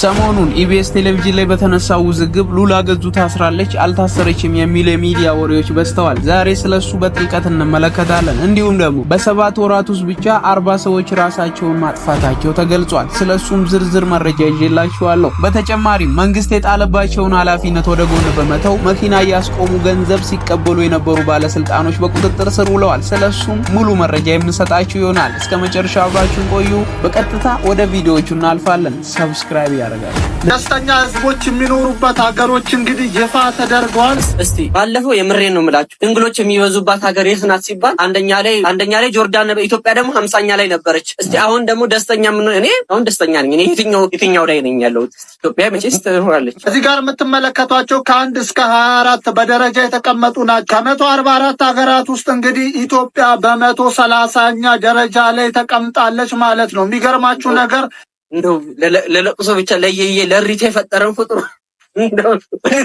ሰሞኑን ኢቢኤስ ቴሌቪዥን ላይ በተነሳው ውዝግብ ሉላ ገዙ ታስራለች፣ አልታሰረችም የሚል የሚዲያ ወሬዎች በዝተዋል። ዛሬ ስለሱ በጥልቀት እንመለከታለን። እንዲሁም ደግሞ በሰባት ወራት ውስጥ ብቻ አርባ ሰዎች ራሳቸውን ማጥፋታቸው ተገልጿል። ስለሱም ዝርዝር መረጃ ይዤላችኋለሁ። በተጨማሪም መንግስት የጣለባቸውን ኃላፊነት ወደ ጎን በመተው መኪና እያስቆሙ ገንዘብ ሲቀበሉ የነበሩ ባለስልጣኖች በቁጥጥር ስር ውለዋል። ስለሱም ሙሉ መረጃ የምንሰጣችሁ ይሆናል። እስከ መጨረሻ አብራችሁን ቆዩ። በቀጥታ ወደ ቪዲዮዎቹ እናልፋለን። ሰብስክራይብ ያደርጋል። ደስተኛ ህዝቦች የሚኖሩበት ሀገሮች እንግዲህ ይፋ ተደርገዋል። እስቲ ባለፈው የምሬ ነው ምላችሁ ድንግሎች የሚበዙባት ሀገር የት ናት ሲባል አንደኛ ላይ አንደኛ ላይ ጆርዳን፣ ኢትዮጵያ ደግሞ ሀምሳኛ ላይ ነበረች። እስቲ አሁን ደግሞ ደስተኛ ምን እኔ አሁን ደስተኛ ነኝ እኔ የትኛው የትኛው ላይ ነኝ ያለሁት? ኢትዮጵያ መቼስ ትሆናለች። እዚህ ጋር የምትመለከቷቸው ከአንድ እስከ ሀያ አራት በደረጃ የተቀመጡ ናቸው። ከመቶ አርባ አራት ሀገራት ውስጥ እንግዲህ ኢትዮጵያ በመቶ ሰላሳኛ ደረጃ ላይ ተቀምጣለች ማለት ነው። የሚገርማችሁ ነገር እንደው ለለቅሶ ብቻ ለየየ ለሪት የፈጠረን ፍጡር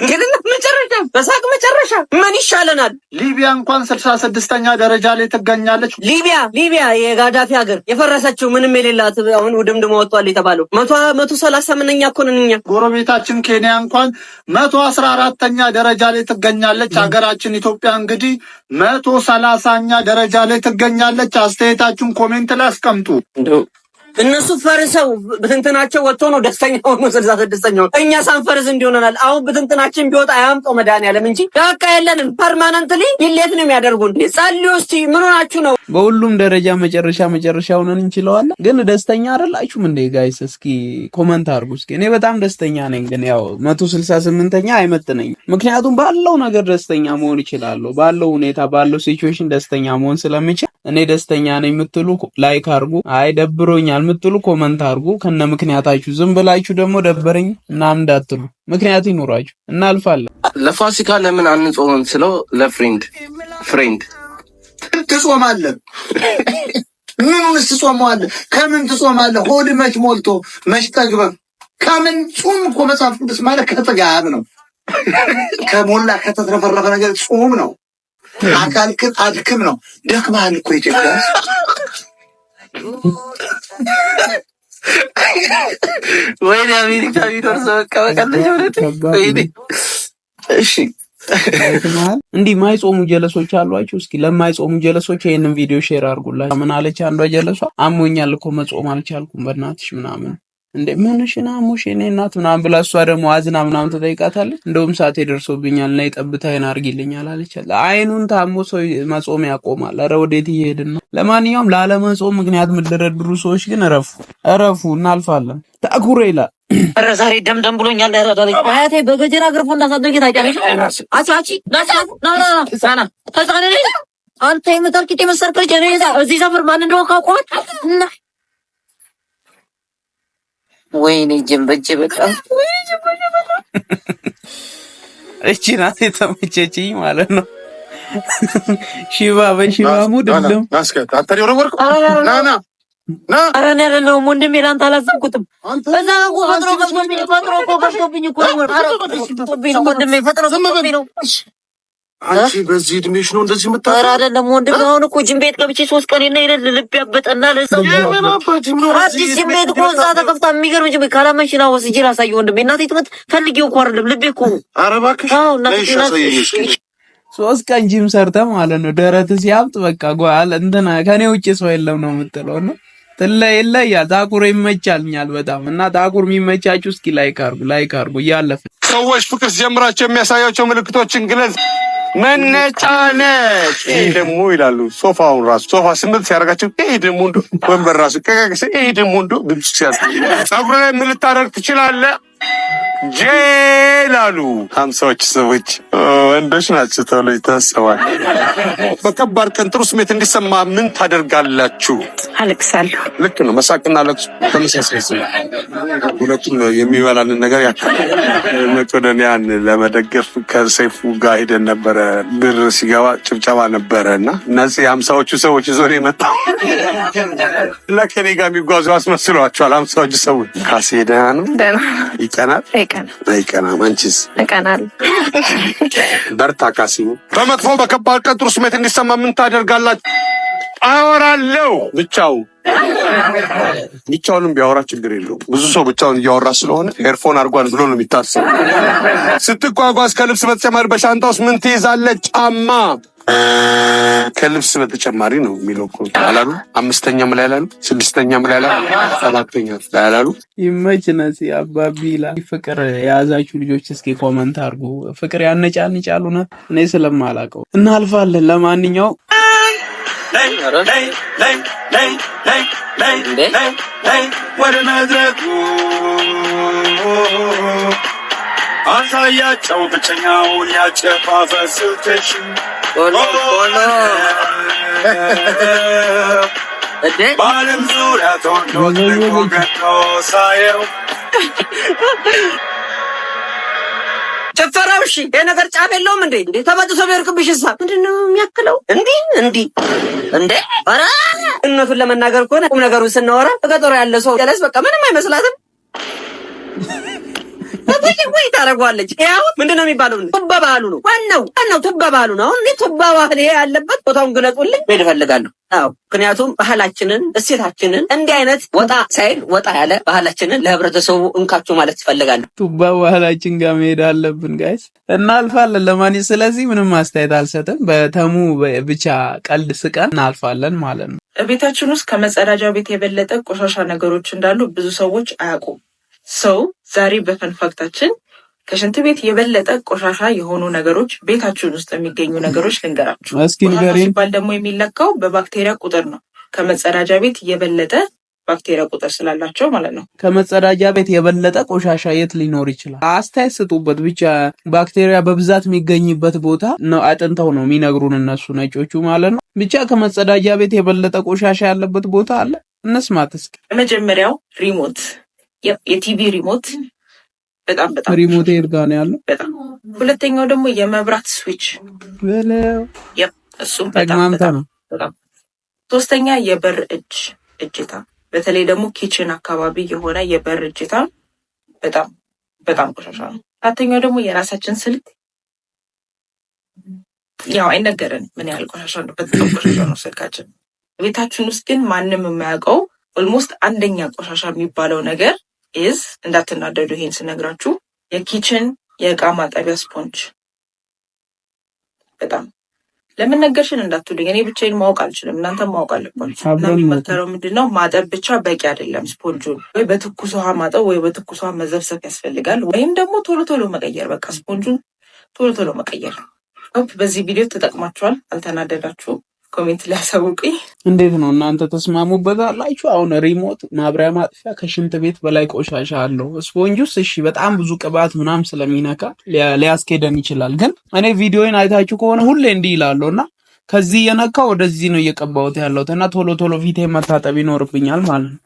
ግን መጨረሻ በሳቅ መጨረሻ ምን ይሻለናል? ሊቢያ እንኳን ስልሳ ስድስተኛ ደረጃ ላይ ትገኛለች። ሊቢያ ሊቢያ የጋዳፊ ሀገር የፈረሰችው ምንም የሌላት አሁን ውድምድሞ ወጥቷል የተባለው መቶ መቶ ሰላሳ ምንኛ እኮ ነን እኛ። ጎረቤታችን ኬንያ እንኳን መቶ አስራ አራተኛ ደረጃ ላይ ትገኛለች። ሀገራችን ኢትዮጵያ እንግዲህ መቶ ሰላሳኛ ደረጃ ላይ ትገኛለች። አስተያየታችሁን ኮሜንት ላይ አስቀምጡ። እነሱ ፈርሰው ብትንትናቸው ወጥቶ ነው ደስተኛ ሆኖ ስልሳ ስድስተኛው እኛ ሳንፈርዝ እንዲሆነናል። አሁን ብትንትናችን ቢወጣ አያምጠው መድኃኒዓለም እንጂ ዳካ የለንም። ፐርማነንትሊ ይሌት ነው የሚያደርጉን። ጸልዩ እስቲ ምን ሆናችሁ ነው? በሁሉም ደረጃ መጨረሻ መጨረሻውን እንችለዋለን። ግን ደስተኛ አይደላችሁም እንዴ ጋይስ? እስኪ ኮመንት አድርጉ እስኪ። እኔ በጣም ደስተኛ ነኝ፣ ግን ያው መቶ ስልሳ ስምንተኛ አይመጥነኝም። ምክንያቱም ባለው ነገር ደስተኛ መሆን ይችላለሁ። ባለው ሁኔታ ባለው ሲቹዌሽን ደስተኛ መሆን ስለምችል እኔ ደስተኛ ነኝ የምትሉ ላይክ አርጉ አይ ደብሮኛል የምትሉ ኮመንት አድርጉ ከነ ምክንያታችሁ። ዝም ብላችሁ ደግሞ ደበረኝ እና እንዳትሉ ምክንያት ይኖራችሁ። እናልፋለን። ለፋሲካ ለምን አንጾምም ስለው ለፍሬንድ ፍሬንድ ትጾማለህ? ምኑንስ ትጾመዋለህ? ከምን ትጾማለህ? ሆድ መች ሞልቶ መች ጠግበህ ከምን ጾም እኮ መጽሐፍ ቅዱስ ማለት ከጥጋብ ነው። ከሞላ ከተትረፈረፈ ነገር ጾም ነው። አካልክም አልክም ነው። ደክመሃል እኮ ኢትዮጵያ ወይኔ አሜሪካ ቢኖር ሰው በቃ በቀለች እውነት። ወይኔ እሺ እንዲህ ማይጾሙ ጀለሶች አሏችሁ። እስኪ ለማይጾሙ ጀለሶች ይህንን ቪዲዮ ሼር አድርጉላችሁ። ምን አለች አንዷ ጀለሷ? አሞኛል እኮ መጾም አልቻልኩም በእናትሽ ምናምን እንዴ ምንሽና ሙሽ እኔ እናት ምናምን ብላ እሷ ደግሞ አዝና ምናምን ትጠይቃታለች። እንደውም ሰዓቴ ደርሶብኛል እና የጠብታይን አርጊልኛል አለች። አይኑን ታሞ ሰው መጾም ያቆማል። ኧረ ወዴት እየሄድን ነው? ለማንኛውም ላለመጾም ምክንያት የምደረድሩ ሰዎች ግን እረፉ፣ እረፉ፣ እናልፋለን። ታኩሬ ይላል። ኧረ ዛሬ ደምደም ብሎኛል። አያቴ በገጀራ ግርፎ እንዳሳደግ ታውቂያለሽ። አንተ የምታርቂት የመሰርቀች እዚህ ሰፈር ማን እንደሆነ ካውቀዋል እና ወይኔ ጅንበቼ በጣም እቺ ናት የተመቸችኝ ማለት ነው። ሽባ በሽባ ሙድ እንደም ኧረ እኔ አይደለሁም ወንድሜ፣ ለአንተ አላዘንኩትም። በዛ ፈጥሮ ፈጥሮ ፈጥሮብኝ ነው ወንድሜ ፈጥሮ ነው አንቺ በዚህ እድሜሽ ነው እንደዚህ የምታወራው? ኧረ አይደለም ወንድም፣ አሁን እኮ ጅም ቤት ገብቼ ሶስት ቀን እና ይለል ልብ ያበጠና ለሰው አዲስ ጅም ቤት እኮ እዛ ተከፍታ የሚገርም ጅም ቤት ካላመንሽና ወስጄ ላሳየው ወንድም። እናቴ ትምህርት ፈልጌው እኮ አይደለም ልቤ እኮ ኧረ እባክሽ። አዎ እናቴ ሶስት ቀን ጂም ሰርተ ማለት ነው። ደረት ሲያብጥ በቃ ጓል እንትና ከኔ ውጭ ሰው የለም ነው የምትለው ነው ትለ ያ ታኩር ይመቻልኛል በጣም እና ታኩር የሚመቻችሁ እስኪ ላይክ አርጉ፣ ላይክ አርጉ። እያለፍን ሰዎች ፍቅር ጀምራቸው የሚያሳያቸው ምልክቶችን ግለጽ መነጫነጭ ይሄ ደግሞ ይላሉ። ሶፋውን ራሱ ሶፋ ስምንት ሲያደርጋቸው ይሄ ደግሞ እንዶ ወንበር ራሱ ደግሞ እንዶ ሲያስ ላይ ምን ልታደርግ ትችላለህ? ጄል አሉ። ሀምሳዎች ሰዎች ወንዶች ናቸው ተብሎ ይታሰባል። በከባድ ቀን ጥሩ ስሜት እንዲሰማ ምን ታደርጋላችሁ? አለቅሳለሁ። ልክ ነው። መሳቅና ለቅሶ ተመሳሳይ ስ ሁለቱም የሚበላንን ነገር ያካል መቄዶንያን ለመደገፍ ከሰይፉ ጋር ሄደን ነበረ። ብር ሲገባ ጭብጨባ ነበረ እና እነዚህ ሀምሳዎቹ ሰዎች ዞን የመጣው ለከኔ ጋር የሚጓዙ አስመስሏቸዋል። ሀምሳዎቹ ሰዎች ካሴ ደህና ነው፣ ይቀናል አይቀናም፣ አይቀናም። አንቺስ? እቀናለሁ። በርታ ካሲ። በመጥፎ በከባድ ቀን ጥሩ ስሜት እንዲሰማ ምን ታደርጋላችሁ? አወራለሁ። ብቻው ብቻውንም ቢያወራ ችግር የለው። ብዙ ሰው ብቻውን እያወራ ስለሆነ ኤርፎን አድርጓን ብሎ ነው የሚታሰብ። ስትጓጓዝ ከልብስ በተጨማሪ በሻንጣ ውስጥ ምን ትይዛለች? ጫማ ከልብስ በተጨማሪ ነው የሚለው አላሉ። አምስተኛ ላይ ላሉ፣ ስድስተኛ ላይ ላሉ፣ ሰባተኛ ላይ ላሉ ይመችነስ አባቢ ይላል። ፍቅር የያዛችሁ ልጆች እስኪ ኮመንት አድርጉ። ፍቅር ያነጫንጫሉ ነ እኔ ስለማላውቀው እናልፋለን። ለማንኛው ወደ መድረኩ አሳያቸው ብቸኛውን ያጨፋፈስልትሽ ቆሎ ቆሎ ባለም ዙሪያ ተወንዶት ልኮ ገኖ ሳየው ጭፈራው እሺ፣ የነገር ጫፍ የለውም እንዴ? እንዴ ተመጥቶ ቢወርቅብሽ ሳ ምንድን ነው የሚያክለው? እንዲህ እንዲህ እንዴ ኧረ እነቱን ለመናገር ከሆነ ቁም ነገሩን ስናወራ በገጠሮ ያለ ሰው ገለስ በቃ ምንም አይመስላትም። ወይ ታደርጓለች። አሁን ምንድን ነው የሚባለው? ቱባ ባህሉ ነው ዋናው፣ ዋናው ቱባ ባህሉ ነው። አሁን ቱባ ባህል ይሄ ያለበት ቦታውን ግለጹልኝ መሄድ እፈልጋለሁ። አዎ ምክንያቱም ባህላችንን እሴታችንን እንዲህ አይነት ወጣ ሳይል ወጣ ያለ ባህላችንን ለህብረተሰቡ እንካችሁ ማለት ትፈልጋለሁ። ቱባ ባህላችን ጋር መሄድ አለብን ጋይስ፣ እናልፋለን። ለማን ስለዚህ ምንም አስተያየት አልሰጥም። በተሙ ብቻ ቀልድ ስቀን እናልፋለን ማለት ነው። ቤታችን ውስጥ ከመጸዳጃው ቤት የበለጠ ቆሻሻ ነገሮች እንዳሉ ብዙ ሰዎች አያውቁም። ሰው ዛሬ በፈንፋክታችን ከሽንት ቤት የበለጠ ቆሻሻ የሆኑ ነገሮች ቤታችን ውስጥ የሚገኙ ነገሮች ልንገራችሁ። ሲባል ደግሞ የሚለካው በባክቴሪያ ቁጥር ነው። ከመጸዳጃ ቤት የበለጠ ባክቴሪያ ቁጥር ስላላቸው ማለት ነው። ከመጸዳጃ ቤት የበለጠ ቆሻሻ የት ሊኖር ይችላል? አስተያየት ስጡበት። ብቻ ባክቴሪያ በብዛት የሚገኝበት ቦታ ነው አጥንተው ነው የሚነግሩን እነሱ ነጮቹ ማለት ነው። ብቻ ከመጸዳጃ ቤት የበለጠ ቆሻሻ ያለበት ቦታ አለ። እነስማት እስኪ መጀመሪያው ሪሞት የቲቪ ሪሞት በጣም በጣም ሪሞት ጋ ነው ያለው። በጣም ሁለተኛው ደግሞ የመብራት ስዊች እሱም በጣም በጣም ሶስተኛ የበር እጅ እጅታ፣ በተለይ ደግሞ ኪችን አካባቢ የሆነ የበር እጅታ በጣም በጣም ቆሻሻ ነው። አራተኛው ደግሞ የራሳችን ስልክ ያው አይነገረን ምን ያህል ቆሻሻ ነው። በጣም ቆሻሻ ነው ስልካችን። ቤታችን ውስጥ ግን ማንም የማያውቀው ኦልሞስት አንደኛ ቆሻሻ የሚባለው ነገር ኢዝ እንዳትናደዱ ይሄን ስነግራችሁ የኪችን የእቃ ማጠቢያ ስፖንጅ በጣም ለምን ነገርሽን እንዳትሉኝ፣ እኔ ብቻዬን ማወቅ አልችልም፣ እናንተም ማወቅ አለባችሁ። እና ምንድን ነው ማጠብ ብቻ በቂ አይደለም። ስፖንጁን ወይ በትኩስ ውሃ ማጠብ ወይ በትኩስ ውሃ መዘብሰብ ያስፈልጋል፣ ወይም ደግሞ ቶሎ ቶሎ መቀየር። በቃ ስፖንጁን ቶሎ ቶሎ መቀየር። በዚህ ቪዲዮ ተጠቅማችኋል፣ አልተናደዳችሁም? ኮሜንት ላይ እንዴት ነው እናንተ ተስማሙበታላችሁ? አሁን ሪሞት ማብሪያ ማጥፊያ ከሽንት ቤት በላይ ቆሻሻ አለው። ስፖንጁስ እሺ፣ በጣም ብዙ ቅባት ምናምን ስለሚነካ ሊያስኬደን ይችላል። ግን እኔ ቪዲዮን አይታችሁ ከሆነ ሁሌ እንዲህ ይላለሁ እና ከዚህ የነካ ወደዚህ ነው እየቀባሁት ያለሁት እና ቶሎ ቶሎ ፊቴ መታጠብ ይኖርብኛል ማለት ነው።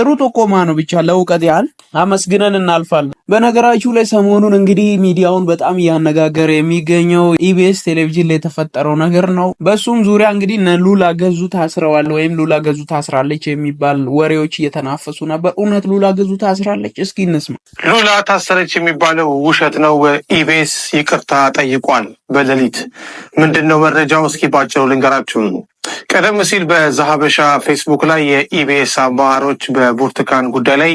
ጥሩ ጥቆማ ነው ብቻ ለእውቀት ያህል አመስግነን እናልፋለን። በነገራችሁ ላይ ሰሞኑን እንግዲህ ሚዲያውን በጣም እያነጋገረ የሚገኘው ኢቢኤስ ቴሌቪዥን ላይ የተፈጠረው ነገር ነው። በሱም ዙሪያ እንግዲህ እነ ሉላ ገዙ ታስረዋል ወይም ሉላ ገዙ ታስራለች የሚባል ወሬዎች እየተናፈሱ ነበር። እውነት ሉላ ገዙ ታስራለች? እስኪ እንስማ። ሉላ ታሰረች የሚባለው ውሸት ነው። ኢቢኤስ ይቅርታ ጠይቋል። በሌሊት ምንድን ነው መረጃው እስኪ እስቲ ባጭሩ ልንገራችሁ። ቀደም ሲል በዛሀበሻ ፌስቡክ ላይ የኢቢኤስ አመራሮች በብርቱካን ጉዳይ ላይ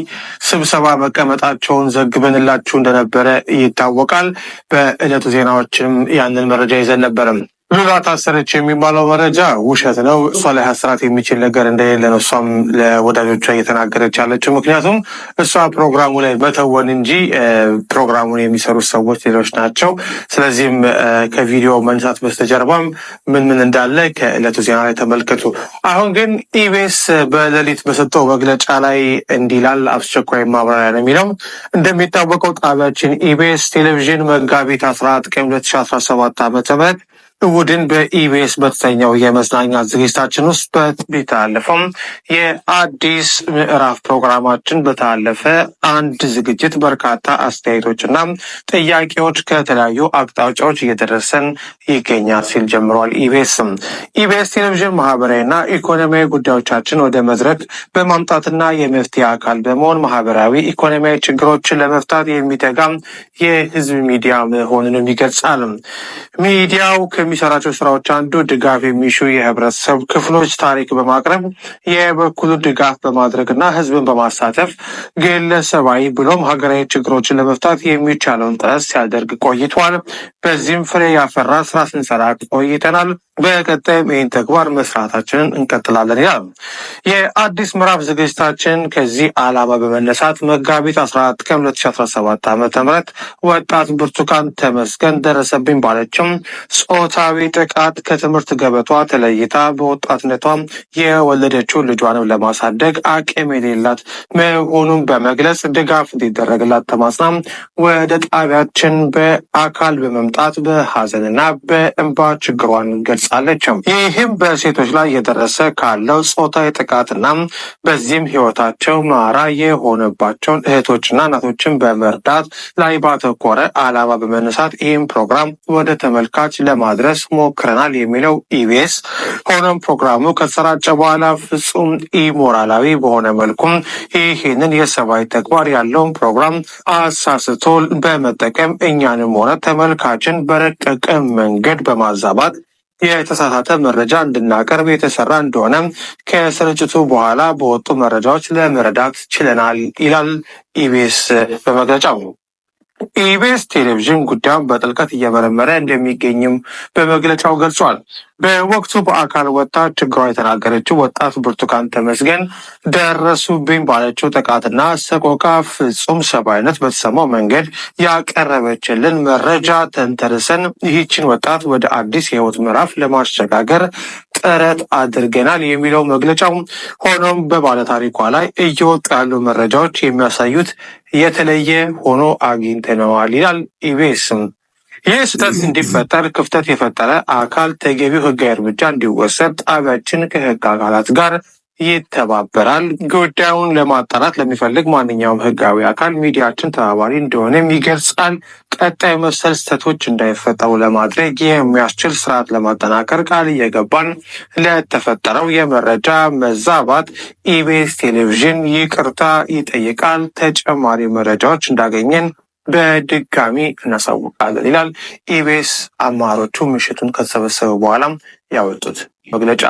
ስብሰባ መቀመጣቸውን ዘግበንላችሁ እንደነበረ ይታወቃል። በእለቱ ዜናዎችም ያንን መረጃ ይዘን ነበርም። ሉላ ታሰረች የሚባለው መረጃ ውሸት ነው። እሷ ላይ ሀስራት የሚችል ነገር እንደሌለ ነው እሷም ለወዳጆቿ እየተናገረች ያለችው። ምክንያቱም እሷ ፕሮግራሙ ላይ መተወን እንጂ ፕሮግራሙን የሚሰሩት ሰዎች ሌሎች ናቸው። ስለዚህም ከቪዲዮ መንሳት በስተጀርባም ምን ምን እንዳለ ከእለቱ ዜና ላይ ተመልከቱ። አሁን ግን ኢቢኤስ በሌሊት በሰጠው መግለጫ ላይ እንዲላል አስቸኳይ ማብራሪያ ነው የሚለው። እንደሚታወቀው ጣቢያችን ኢቤስ ቴሌቪዥን መጋቢት 14 ቀን 2017 ዓ.ም እሑድን በኢቢኤስ በተሰኘው የመዝናኛ ዝግጅታችን ውስጥ ቢተላለፈም የአዲስ ምዕራፍ ፕሮግራማችን በተላለፈ አንድ ዝግጅት በርካታ አስተያየቶችና ጥያቄዎች ከተለያዩ አቅጣጫዎች እየደረሰን ይገኛል ሲል ጀምሯል። ኢቢኤስም ኢቢኤስ ቴሌቪዥን ማህበራዊና ኢኮኖሚያዊ ጉዳዮቻችን ወደ መድረክ በማምጣትና የመፍትሄ አካል በመሆን ማህበራዊ፣ ኢኮኖሚያዊ ችግሮችን ለመፍታት የሚተጋ የህዝብ ሚዲያ መሆኑንም ይገልጻል። ሚዲያው ከሚሰራቸው ስራዎች አንዱ ድጋፍ የሚሹ የህብረተሰብ ክፍሎች ታሪክ በማቅረብ የበኩሉ ድጋፍ በማድረግና ህዝብን በማሳተፍ ግለሰባዊ ብሎም ሀገራዊ ችግሮችን ለመፍታት የሚቻለውን ጥረት ሲያደርግ ቆይቷል። በዚህም ፍሬ ያፈራ ስራ ስንሰራ ቆይተናል። በቀጣይም ይህን ተግባር መስራታችንን እንቀጥላለን ይላል። የአዲስ ምዕራፍ ዝግጅታችን ከዚህ ዓላማ በመነሳት መጋቢት 14 ቀን 2017 ዓ ም ወጣት ብርቱካን ተመስገን ደረሰብኝ ባለችም ጾታዊ ጥቃት ከትምህርት ገበቷ ተለይታ በወጣትነቷ የወለደችው ልጇንም ለማሳደግ አቅም የሌላት መሆኑን በመግለጽ ድጋፍ እንዲደረግላት ተማጽና ወደ ጣቢያችን በአካል በመምጣት በሀዘንና በእንባ ችግሯን ገልጽ ገልጻለችም። ይህም በሴቶች ላይ የደረሰ ካለው ጾታዊ ጥቃትና በዚህም ህይወታቸው ማራ የሆነባቸውን እህቶችና እናቶችን በመርዳት ላይ ባተኮረ አላማ በመነሳት ይህም ፕሮግራም ወደ ተመልካች ለማድረስ ሞክረናል የሚለው ኢቢኤስ፣ ሆኖም ፕሮግራሙ ከተሰራጨ በኋላ ፍጹም ኢሞራላዊ በሆነ መልኩም ይህንን የሰብአዊ ተግባር ያለውን ፕሮግራም አሳስቶ በመጠቀም እኛንም ሆነ ተመልካችን በረቀቀ መንገድ በማዛባት የተሳሳተ መረጃ እንድናቀርብ የተሰራ እንደሆነ ከስርጭቱ በኋላ በወጡ መረጃዎች ለመረዳት ችለናል ይላል ኢቢኤስ በመግለጫው። ኢቢኤስ ቴሌቪዥን ጉዳዩን በጥልቀት እየመረመረ እንደሚገኝም በመግለጫው ገልጿል። በወቅቱ በአካል ወጥታ ችግሯ የተናገረችው ወጣት ብርቱካን ተመስገን ደረሱብኝ ባለችው ጥቃትና ሰቆቃ ፍጹም ሰብአዊነት በተሰማው መንገድ ያቀረበችልን መረጃ ተንተርሰን ይህችን ወጣት ወደ አዲስ የህይወት ምዕራፍ ለማሸጋገር ጥረት አድርገናል የሚለው መግለጫው። ሆኖም በባለታሪኳ ላይ እየወጡ ያሉ መረጃዎች የሚያሳዩት የተለየ ሆኖ አግኝተነዋል ይላል ኢቢኤስም። ይህ ስህተት እንዲፈጠር ክፍተት የፈጠረ አካል ተገቢው ሕጋዊ እርምጃ እንዲወሰድ ጣቢያችን ከሕግ አካላት ጋር ይተባበራል። ጉዳዩን ለማጣራት ለሚፈልግ ማንኛውም ህጋዊ አካል ሚዲያችን ተባባሪ እንደሆነም ይገልጻል። ቀጣይ መሰል ስህተቶች እንዳይፈጠሩ ለማድረግ የሚያስችል ስርዓት ለማጠናከር ቃል እየገባን ለተፈጠረው የመረጃ መዛባት ኢቢኤስ ቴሌቪዥን ይቅርታ ይጠይቃል። ተጨማሪ መረጃዎች እንዳገኘን በድጋሚ እናሳውቃለን ይላል ኢቢኤስ። አማሮቹ ምሽቱን ከተሰበሰበ በኋላም ያወጡት መግለጫ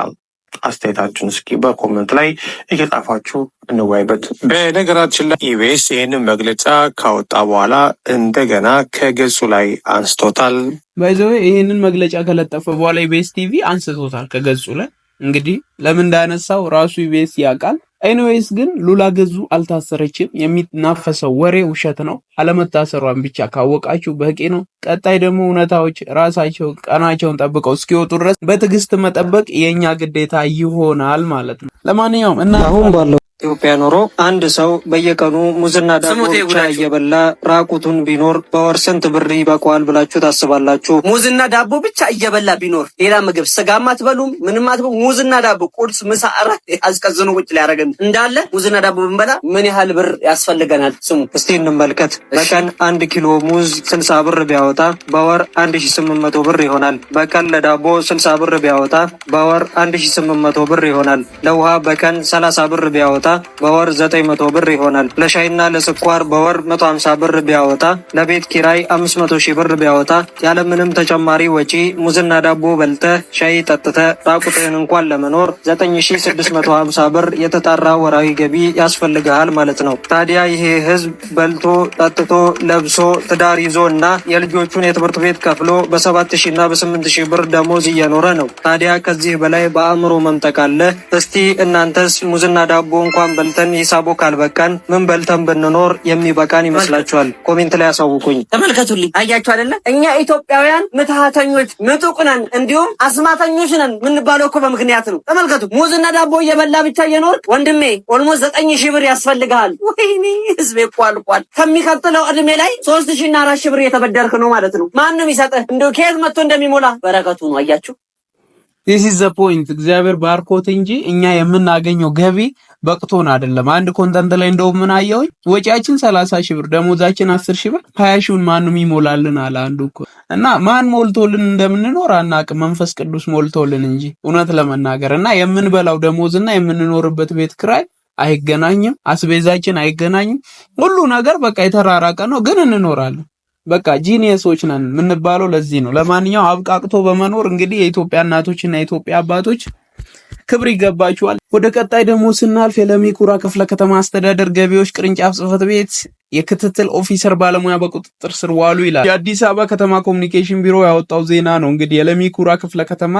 አስተያየታችሁን እስኪ በኮመንት ላይ እየጻፋችሁ እንወያይበት። በነገራችን ላይ ኢቢኤስ ይህንን መግለጫ ካወጣ በኋላ እንደገና ከገጹ ላይ አንስቶታል። ባይዘወ ይህንን መግለጫ ከለጠፈ በኋላ ኢቢኤስ ቲቪ አንስቶታል ከገጹ ላይ እንግዲህ ለምን እንዳነሳው ራሱ ኢቢኤስ ያውቃል። ኤኒዌይስ ግን ሉላ ገዙ አልታሰረችም። የሚናፈሰው ወሬ ውሸት ነው። አለመታሰሯን ብቻ ካወቃችሁ በቂ ነው። ቀጣይ ደግሞ እውነታዎች ራሳቸው ቀናቸውን ጠብቀው እስኪወጡ ድረስ በትዕግስት መጠበቅ የእኛ ግዴታ ይሆናል ማለት ነው። ለማንኛውም እና አሁን ባለው ኢትዮጵያ ኑሮ አንድ ሰው በየቀኑ ሙዝና ዳቦ ብቻ እየበላ ራቁቱን ቢኖር በወር ስንት ብር ይበቃዋል ብላችሁ ታስባላችሁ? ሙዝና ዳቦ ብቻ እየበላ ቢኖር ሌላ ምግብ ስጋም አትበሉም፣ ምንም አትበሉም። ሙዝና ዳቦ ቁርስ፣ ምሳ፣ እራት አስቀዝኖ ውጭ ሊያደርገን እንዳለ ሙዝና ዳቦ ብንበላ ምን ያህል ብር ያስፈልገናል? ስሙ እስቲ እንመልከት። በቀን አንድ ኪሎ ሙዝ ስልሳ ብር ቢያወጣ በወር አንድ ሺ ስምንት መቶ ብር ይሆናል። በቀን ለዳቦ ስልሳ ብር ቢያወጣ በወር አንድ ሺ ስምንት መቶ ብር ይሆናል። ለውሃ በቀን ሰላሳ ብር ቢያወጣ በወር 900 ብር ይሆናል። ለሻይና ለስኳር በወር 150 ብር ቢያወጣ፣ ለቤት ኪራይ 500 ሺህ ብር ቢያወጣ ያለምንም ተጨማሪ ወጪ ሙዝና ዳቦ በልተ ሻይ ጠጥተ ራቁትህን እንኳን ለመኖር 9650 ብር የተጣራ ወራዊ ገቢ ያስፈልግሃል ማለት ነው። ታዲያ ይሄ ህዝብ በልቶ ጠጥቶ ለብሶ ትዳር ይዞ እና የልጆቹን የትምህርት ቤት ከፍሎ በ ሺ እና በ ሺህ ብር ደሞዝ እየኖረ ነው። ታዲያ ከዚህ በላይ በአእምሮ መምጠቅ አለ? እስቲ እናንተስ ሙዝና ዳቦ እንኳን እንኳን በልተን ሂሳቡ ካልበቃን ምን በልተን ብንኖር የሚበቃን ይመስላችኋል? ኮሜንት ላይ ያሳውቁኝ። ተመልከቱልኝ። አያችሁ አይደለ? እኛ ኢትዮጵያውያን ምትሃተኞች ምጡቅ ነን፣ እንዲሁም አስማተኞች ነን የምንባለው እኮ በምክንያት ነው። ተመልከቱ። ሙዝና ዳቦ እየበላ ብቻ እየኖር ወንድሜ ኦልሞስት ዘጠኝ ሺህ ብር ያስፈልግሃል። ወይኔ ህዝቤ እኮ አልቋል። ከሚቀጥለው እድሜ ላይ ሶስት ሺና አራት ሺህ ብር እየተበደርክ ነው ማለት ነው። ማንም ይሰጥህ እንዲሁ ከየት መጥቶ እንደሚሞላ በረከቱ ነው። አያችሁ ዚስ ኢዝ ዘ ፖይንት። እግዚአብሔር ባርኮት እንጂ እኛ የምናገኘው ገቢ በቅቶን አይደለም። አንድ ኮንተንት ላይ እንደው ምን አየሁኝ፣ ወጪያችን ሰላሳ ሺህ ብር ደሞዛችን አስር ሺህ ብር ሀያ ሺውን ማንም ይሞላልን አለ አንዱ እኮ እና ማን ሞልቶልን እንደምንኖር አናቅም። መንፈስ ቅዱስ ሞልቶልን እንጂ እውነት ለመናገር እና የምንበላው ደሞዝና የምንኖርበት ቤት ክራይ አይገናኝም። አስቤዛችን አይገናኝም። ሁሉ ነገር በቃ የተራራቀ ነው፣ ግን እንኖራለን። በቃ ጂኒየሶች ነን የምንባለው ለዚህ ነው። ለማንኛውም አብቃቅቶ በመኖር እንግዲህ የኢትዮጵያ እናቶችና የኢትዮጵያ አባቶች ክብር ይገባችኋል። ወደ ቀጣይ ደግሞ ስናልፍ የለሚ ኩራ ክፍለ ከተማ አስተዳደር ገቢዎች ቅርንጫፍ ጽህፈት ቤት የክትትል ኦፊሰር ባለሙያ በቁጥጥር ስር ዋሉ ይላል የአዲስ አበባ ከተማ ኮሚኒኬሽን ቢሮ ያወጣው ዜና ነው። እንግዲህ የለሚ ኩራ ክፍለ ከተማ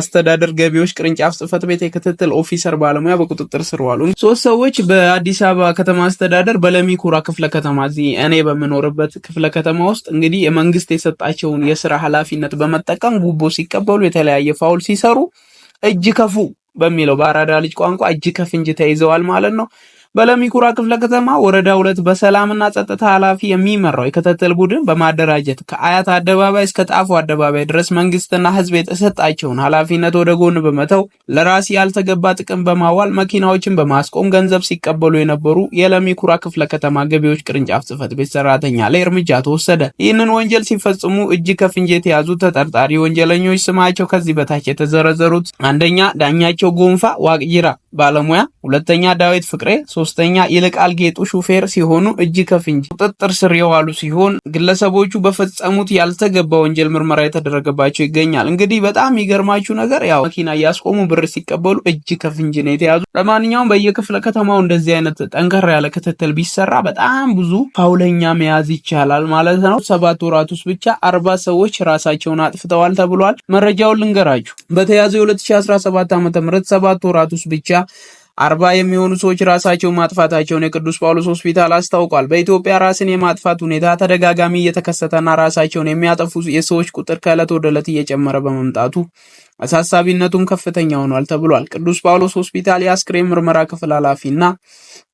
አስተዳደር ገቢዎች ቅርንጫፍ ጽህፈት ቤት የክትትል ኦፊሰር ባለሙያ በቁጥጥር ስር ዋሉ። ሶስት ሰዎች በአዲስ አበባ ከተማ አስተዳደር በለሚ ኩራ ክፍለ ከተማ እዚህ እኔ በምኖርበት ክፍለ ከተማ ውስጥ እንግዲህ የመንግስት የሰጣቸውን የስራ ኃላፊነት በመጠቀም ጉቦ ሲቀበሉ የተለያየ ፋውል ሲሰሩ እጅ ከፉ በሚለው በአራዳ ልጅ ቋንቋ እጅ ከፍንጅ ተይዘዋል ማለት ነው። በለሚኩራ ክፍለ ከተማ ወረዳ ሁለት በሰላምና ጸጥታ ኃላፊ የሚመራው የክትትል ቡድን በማደራጀት ከአያት አደባባይ እስከ ጣፎ አደባባይ ድረስ መንግስትና ህዝብ የተሰጣቸውን ኃላፊነት ወደ ጎን በመተው ለራስ ያልተገባ ጥቅም በማዋል መኪናዎችን በማስቆም ገንዘብ ሲቀበሉ የነበሩ የለሚኩራ ክፍለ ከተማ ገቢዎች ቅርንጫፍ ጽህፈት ቤት ሰራተኛ ላይ እርምጃ ተወሰደ። ይህንን ወንጀል ሲፈጽሙ እጅ ከፍንጅ የተያዙ ተጠርጣሪ ወንጀለኞች ስማቸው ከዚህ በታች የተዘረዘሩት አንደኛ ዳኛቸው ጎንፋ ዋቅጅራ ባለሙያ፣ ሁለተኛ ዳዊት ፍቅሬ ሶስተኛ ይልቃል ጌጡ ሹፌር ሲሆኑ እጅ ከፍንጅ ቁጥጥር ስር የዋሉ ሲሆን ግለሰቦቹ በፈጸሙት ያልተገባ ወንጀል ምርመራ የተደረገባቸው ይገኛል። እንግዲህ በጣም የሚገርማችሁ ነገር ያው መኪና እያስቆሙ ብር ሲቀበሉ እጅ ከፍንጅ ነው የተያዙ። ለማንኛውም በየክፍለ ከተማው እንደዚህ አይነት ጠንከር ያለ ክትትል ቢሰራ በጣም ብዙ ፓውለኛ መያዝ ይቻላል ማለት ነው። ሰባት ወራት ውስጥ ብቻ አርባ ሰዎች ራሳቸውን አጥፍተዋል ተብሏል። መረጃውን ልንገራችሁ በተያዘው የ2017 ዓ ም ሰባት ወራት ውስጥ ብቻ አርባ የሚሆኑ ሰዎች ራሳቸውን ማጥፋታቸውን የቅዱስ ጳውሎስ ሆስፒታል አስታውቋል። በኢትዮጵያ ራስን የማጥፋት ሁኔታ ተደጋጋሚ እየተከሰተና ራሳቸውን የሚያጠፉ የሰዎች ቁጥር ከዕለት ወደ ዕለት እየጨመረ በመምጣቱ አሳሳቢነቱም ከፍተኛ ሆኗል ተብሏል። ቅዱስ ጳውሎስ ሆስፒታል የአስክሬን ምርመራ ክፍል ኃላፊና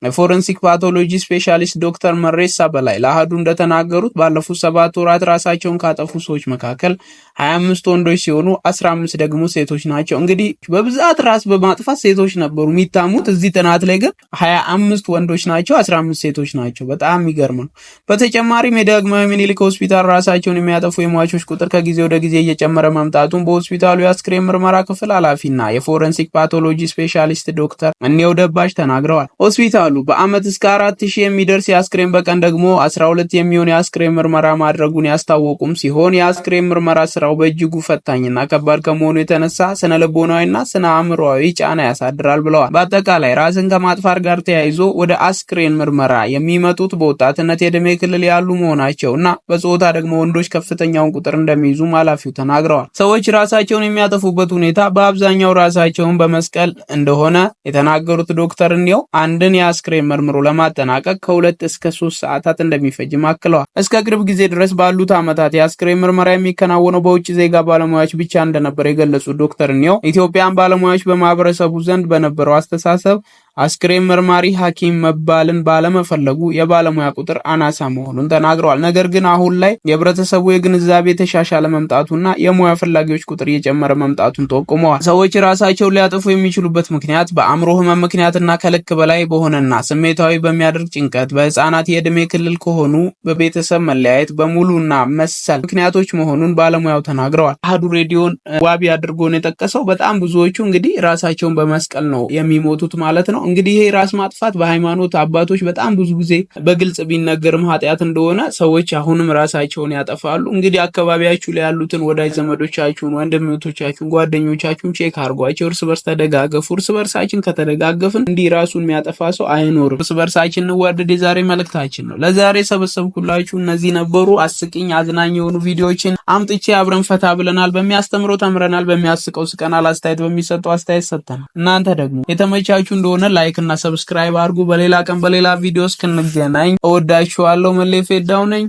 የፎረንሲክ ፓቶሎጂ ስፔሻሊስት ዶክተር መሬሳ በላይ ለአህዱ እንደተናገሩት ባለፉት ሰባት ወራት ራሳቸውን ካጠፉ ሰዎች መካከል ሀያ አምስት ወንዶች ሲሆኑ አስራ አምስት ደግሞ ሴቶች ናቸው። እንግዲህ በብዛት ራስ በማጥፋት ሴቶች ነበሩ የሚታሙት። እዚህ ጥናት ላይ ግን ሀያ አምስት ወንዶች ናቸው፣ አስራ አምስት ሴቶች ናቸው። በጣም የሚገርም ነው። በተጨማሪም የዳግማዊ ምኒልክ ሆስፒታል ራሳቸውን የሚያጠፉ የሟቾች ቁጥር ከጊዜ ወደ ጊዜ እየጨመረ መምጣቱን በሆስፒታሉ የአስክሬን ምርመራ ክፍል ኃላፊና የፎረንሲክ ፓቶሎጂ ስፔሻሊስት ዶክተር እኔው ደባሽ ተናግረዋል። ሆስፒታሉ በአመት እስከ አራት ሺህ የሚደርስ የአስክሬን በቀን ደግሞ አስራ ሁለት የሚሆን የአስክሬን ምርመራ ማድረጉን ያስታወቁም ሲሆን የአስክሬን ምርመራ ስራ ስራው በእጅጉ ፈታኝና ከባድ ከመሆኑ የተነሳ ስነ ልቦናዊና ስነ አእምሮዊ ጫና ያሳድራል ብለዋል። በአጠቃላይ ራስን ከማጥፋት ጋር ተያይዞ ወደ አስክሬን ምርመራ የሚመጡት በወጣትነት የዕድሜ ክልል ያሉ መሆናቸው እና በጾታ ደግሞ ወንዶች ከፍተኛውን ቁጥር እንደሚይዙም ኃላፊው ተናግረዋል። ሰዎች ራሳቸውን የሚያጠፉበት ሁኔታ በአብዛኛው ራሳቸውን በመስቀል እንደሆነ የተናገሩት ዶክተር እንዲያው አንድን የአስክሬን መርምሮ ለማጠናቀቅ ከሁለት እስከ ሶስት ሰዓታት እንደሚፈጅም አክለዋል። እስከ ቅርብ ጊዜ ድረስ ባሉት ዓመታት የአስክሬን ምርመራ የሚከናወነው በ የውጭ ዜጋ ባለሙያዎች ብቻ እንደነበር የገለጹት ዶክተር ኒዮ ኢትዮጵያን ባለሙያዎች በማህበረሰቡ ዘንድ በነበረው አስተሳሰብ አስክሬን መርማሪ ሐኪም መባልን ባለመፈለጉ የባለሙያ ቁጥር አናሳ መሆኑን ተናግረዋል። ነገር ግን አሁን ላይ የህብረተሰቡ የግንዛቤ የተሻሻለ መምጣቱና የሙያ ፈላጊዎች ቁጥር እየጨመረ መምጣቱን ጠቁመዋል። ሰዎች ራሳቸውን ሊያጠፉ የሚችሉበት ምክንያት በአእምሮ ህመም ምክንያትና ከልክ በላይ በሆነና ስሜታዊ በሚያደርግ ጭንቀት፣ በህፃናት የዕድሜ ክልል ከሆኑ በቤተሰብ መለያየት፣ በሙሉና መሰል ምክንያቶች መሆኑን ባለሙያው ተናግረዋል። አህዱ ሬዲዮን ዋቢ አድርጎን የጠቀሰው በጣም ብዙዎቹ እንግዲህ ራሳቸውን በመስቀል ነው የሚሞቱት ማለት ነው። እንግዲህ ይሄ ራስ ማጥፋት በሃይማኖት አባቶች በጣም ብዙ ጊዜ በግልጽ ቢነገርም ኃጢአት እንደሆነ ሰዎች አሁንም ራሳቸውን ያጠፋሉ። እንግዲህ አካባቢያችሁ ላይ ያሉትን ወዳጅ ዘመዶቻችሁን፣ ወንድምቶቻችሁን፣ ጓደኞቻችሁን ቼክ አድርጓቸው። እርስ በርስ ተደጋገፉ። እርስ በርሳችን ከተደጋገፍን እንዲህ ራሱን የሚያጠፋ ሰው አይኖርም። እርስ በርሳችን እንዋደድ የዛሬ መልእክታችን ነው። ለዛሬ ሰበሰብኩላችሁ እነዚህ ነበሩ። አስቂኝ አዝናኝ የሆኑ ቪዲዮዎችን አምጥቼ አብረን ፈታ ብለናል። በሚያስተምረው ተምረናል። በሚያስቀው ስቀናል። አስተያየት በሚሰጠው አስተያየት ሰጥተናል። እናንተ ደግሞ የተመቻችሁ እንደሆነ ላይክ እና ሰብስክራይብ አድርጉ። በሌላ ቀን በሌላ ቪዲዮ እስክንገናኝ እወዳችኋለሁ። መሌ ፌዳው ነኝ።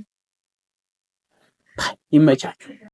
ይመቻችሁ።